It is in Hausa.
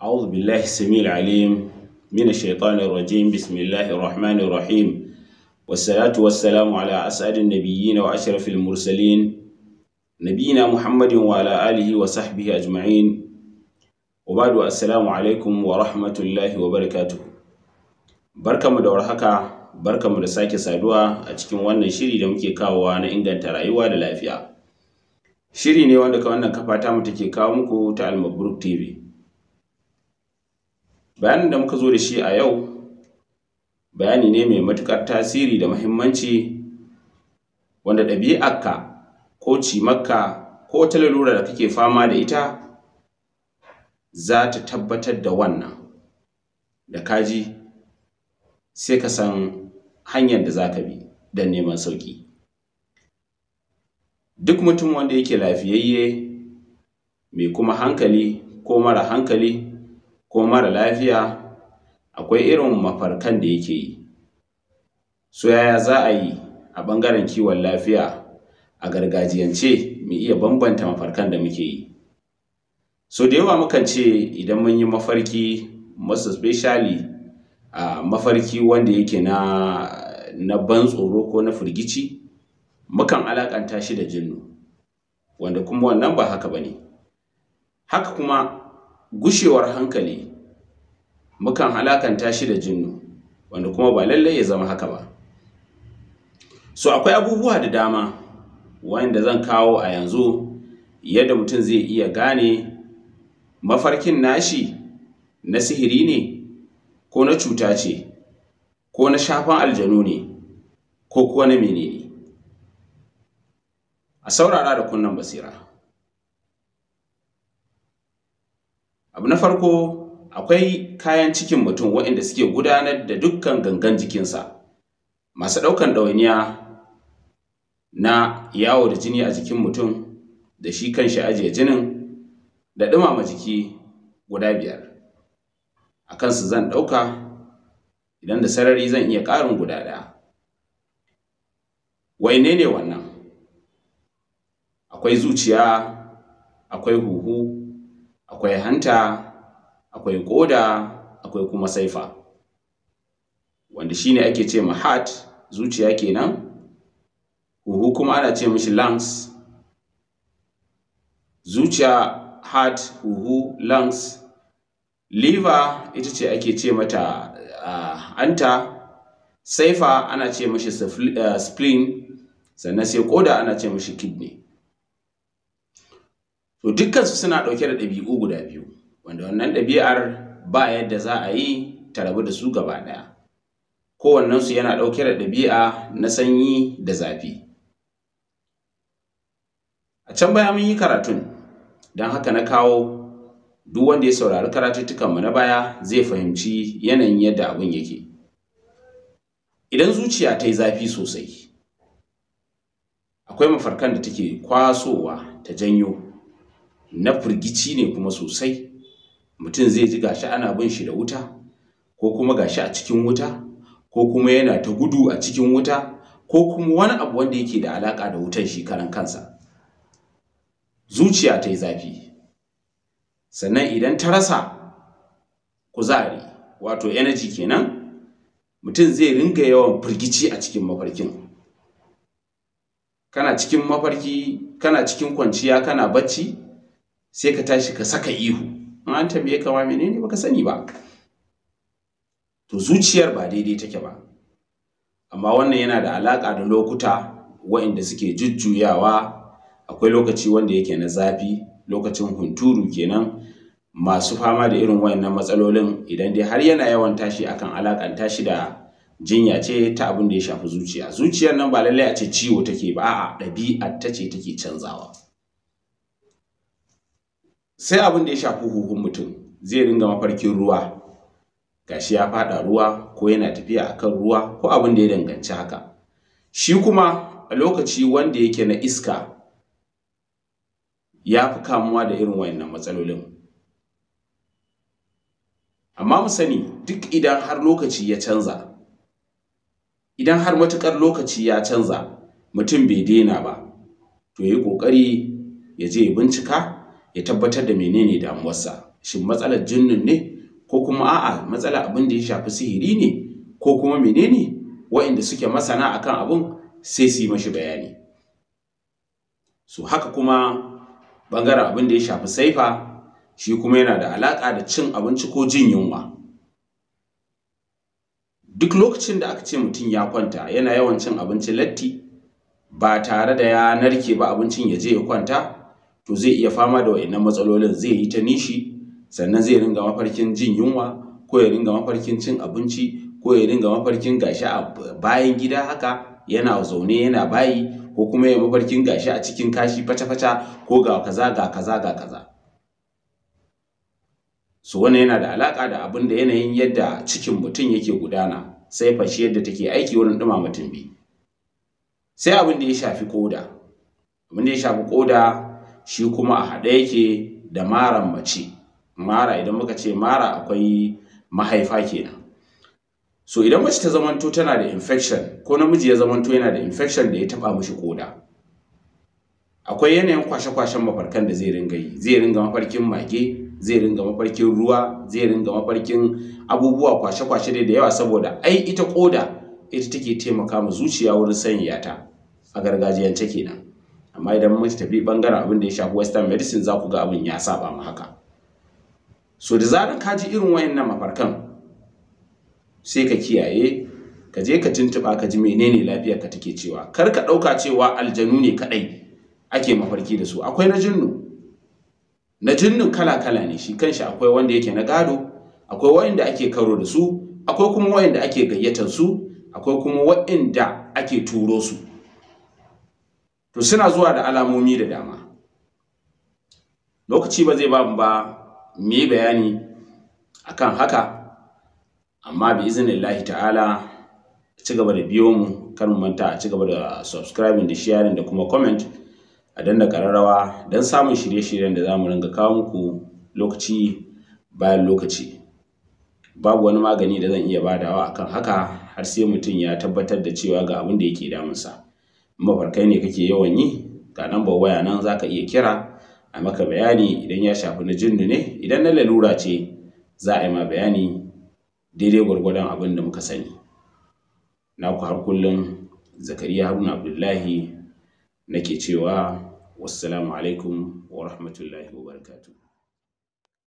أعوذ بالله السميع العليم من الشيطان الرجيم بسم الله الرحمن الرحيم والصلاة والسلام على أسعد النبيين وأشرف المرسلين نبينا محمد وعلى آله وصحبه أجمعين وبعد السلام عليكم ورحمة الله وبركاته بركة مدور حكا بركة da sake saduwa وانا شيري دمكي shiri da muke kawowa na inganta rayuwa da lafiya shiri ne wanda ka wannan kafa bayanin da muka zo da shi a yau bayani ne mai matuƙar tasiri da mahimmanci wanda ɗabi'arka ko cimarka ko wata lalura da kake fama da ita za ta tabbatar da wannan da kaji sai ka san hanyar da za ka bi don neman sauƙi duk mutum wanda yake lafiyayye mai kuma hankali ko mara hankali ko mara lafiya akwai irin mafarkan da yake yi so yaya za a yi a ɓangaren kiwon lafiya a gargajiyance mu iya bambanta mafarkan da muke yi so da yawa mukan ce idan mun yi mafarki masu specially a mafarki wanda yake na na ban tsoro ko na firgici mukan alakanta shi da jinnu wanda kuma wannan ba haka ba ne haka kuma gushewar hankali mukan halakanta shi da jinnu wanda kuma ba lallai ya zama haka ba so akwai abubuwa da dama wanda zan kawo a yanzu yadda mutum zai iya gane mafarkin nashi na sihiri ne ko na cuta ce ko na shafan aljanu ne ko kuwa na menene a saurara da kunnan basira abu na farko akwai kayan cikin mutum waɗanda suke gudanar da dukkan gangan jikinsa masu ɗaukan ɗawainiya na yawo da jini a jikin mutum da shi kanshi ajiye jinin da ɗumama jiki guda biyar a kansu zan ɗauka idan da sarari zan iya ƙarin guda ɗaya waine ne wannan akwai zuciya akwai huhu akwai hanta akwai ƙoda akwai kuma saifa wanda shi ne ake ce ma heart zuciya kenan huhu kuma ana ce mishi lungs zuciya heart huhu lungs liver ita ce ake ce mata uh, hanta saifa ana ce mishi uh, spleen sannan sai ƙoda ana ce mishi kidney to dukkansu suna ɗauke da ɗabi'u guda biyu wanda wannan ɗabi'ar ba yadda za a yi ta rabu da su gaba ɗaya kowannensu yana ɗauke da ɗabi'a na sanyi da zafi a can baya mun yi karatun don haka na kawo duk wanda ya saurari karatuttukanmu na baya zai fahimci yanayin yadda abin yake idan zuciya ta yi zafi sosai akwai mafarkan da take kwasowa ta janyo na firgici ne kuma sosai mutum zai ji gashi ana bin shi da wuta ko kuma gashi a cikin wuta ko kuma yana ta gudu a cikin wuta ko kuma wani abu wanda yake da alaka da wutan shi karan kansa zuciya ta yi zafi sannan idan ta rasa kuzari wato energy kenan mutum zai ringa yawan firgici a cikin mafarkin kana cikin mafarki kana cikin kwanciya kana bacci sai ka tashi ka saka ihu in an tambaye ka ma menene baka sani ba to zuciyar ba daidai take ba amma wannan yana da alaka da lokuta waɗanda suke jujjuyawa akwai lokaci wanda yake na zafi lokacin hunturu kenan masu fama da irin wayannan matsalolin idan dai har yana yawan tashi akan alakan tashi da jinya ce ta abin da ya shafi zuciya zuciyar nan ba lallai a ce ciwo take ba a'a ɗabi'a ta ce take canzawa sai abin da ya shafi huhun mutum zai ringa mafarkin ruwa gashi ya faɗa ruwa ko yana tafiya a kan ruwa ko abin da ya danganci haka shi kuma a lokaci wanda yake na iska ya fi kamuwa da irin wayannan matsalolin amma mu sani duk idan har lokaci ya canza idan har matukar lokaci ya canza mutum bai daina ba to ya yi ƙoƙari ya je bincika ya tabbatar da menene damuwarsa shin matsalar jinnun ne ko kuma a'a matsalar abin da ya shafi sihiri ne ko kuma menene waɗanda suke masana akan abin sai su yi mashi bayani so haka kuma bangaren abin da ya shafi saifa shi kuma yana da alaƙa da cin abinci ko jin yunwa duk lokacin da aka ce mutum ya kwanta yana yawan cin abincin latti ba tare da ya narke ba abincin ya je ya kwanta to zai iya fama da wa'annan matsalolin zai yi ta nishi sannan zai ringa mafarkin jin yunwa ko ya ringa mafarkin cin abinci ko ya ringa mafarkin gashi a bayan gida haka yana zaune yana bayi ko kuma ya mafarkin gashi a cikin kashi fata-fata ko ga kaza ga kaza ga kaza su wannan yana da alaka da abin da yanayin yadda cikin mutum yake gudana sai fashi yadda take aiki wurin ɗuma mutum bi. sai abin da ya shafi koda abin da ya shafi koda shi kuma a haɗe yake da maran mace mara idan muka ce mara akwai mahaifa kenan so idan mace ta zamanto tana da infection ko namiji ya zamanto yana da infection da ya taba mishi koda akwai yanayin kwashe-kwashen mafarkan da zai ringa yi zai ringa mafarkin mage zai ringa mafarkin ruwa zai ringa mafarkin abubuwa kwashe-kwashe dai da yawa saboda ai ita koda ita take taimaka ma zuciya wurin sanya ta a gargajiyance kenan amma idan mun tafi bangaren abin da ya shafi western medicine za ku ga abin ya saba mu haka so da zaran ka ji irin wayannan mafarkan sai ka kiyaye ka je ka tuntuɓa ka ji menene lafiyar ka take cewa kar ka ɗauka cewa aljanu ne kaɗai ake mafarki da su akwai na jinnu na jinnu kala kala ne shi kanshi akwai wanda yake na gado akwai wayanda ake karo da su akwai kuma wayanda ake gayyatar su akwai kuma wayanda ake turo su to suna zuwa da alamomi da dama lokaci ba zai ba ba mu yi bayani akan haka amma bi izinin lahi ta'ala ci gaba da biyo mu kar mu manta a ci gaba da subscribing da sharing da kuma comment a danna kararrawa don samun shirye-shiryen da za mu ringa kawo muku lokaci bayan lokaci babu wani magani da zan iya badawa akan haka har sai mutum ya tabbatar da cewa ga abin da yake damunsa. mafarkai ne kake yawan yi ga lambar waya nan za ka iya kira a maka bayani idan ya shafi na jinnu ne idan na lalura ce za a yi ma bayani daidai gwargwadon abin da muka sani naku har kullum zakariya haruna abdullahi nake cewa wassalamu alaikum wa rahmatullahi wa barakatuh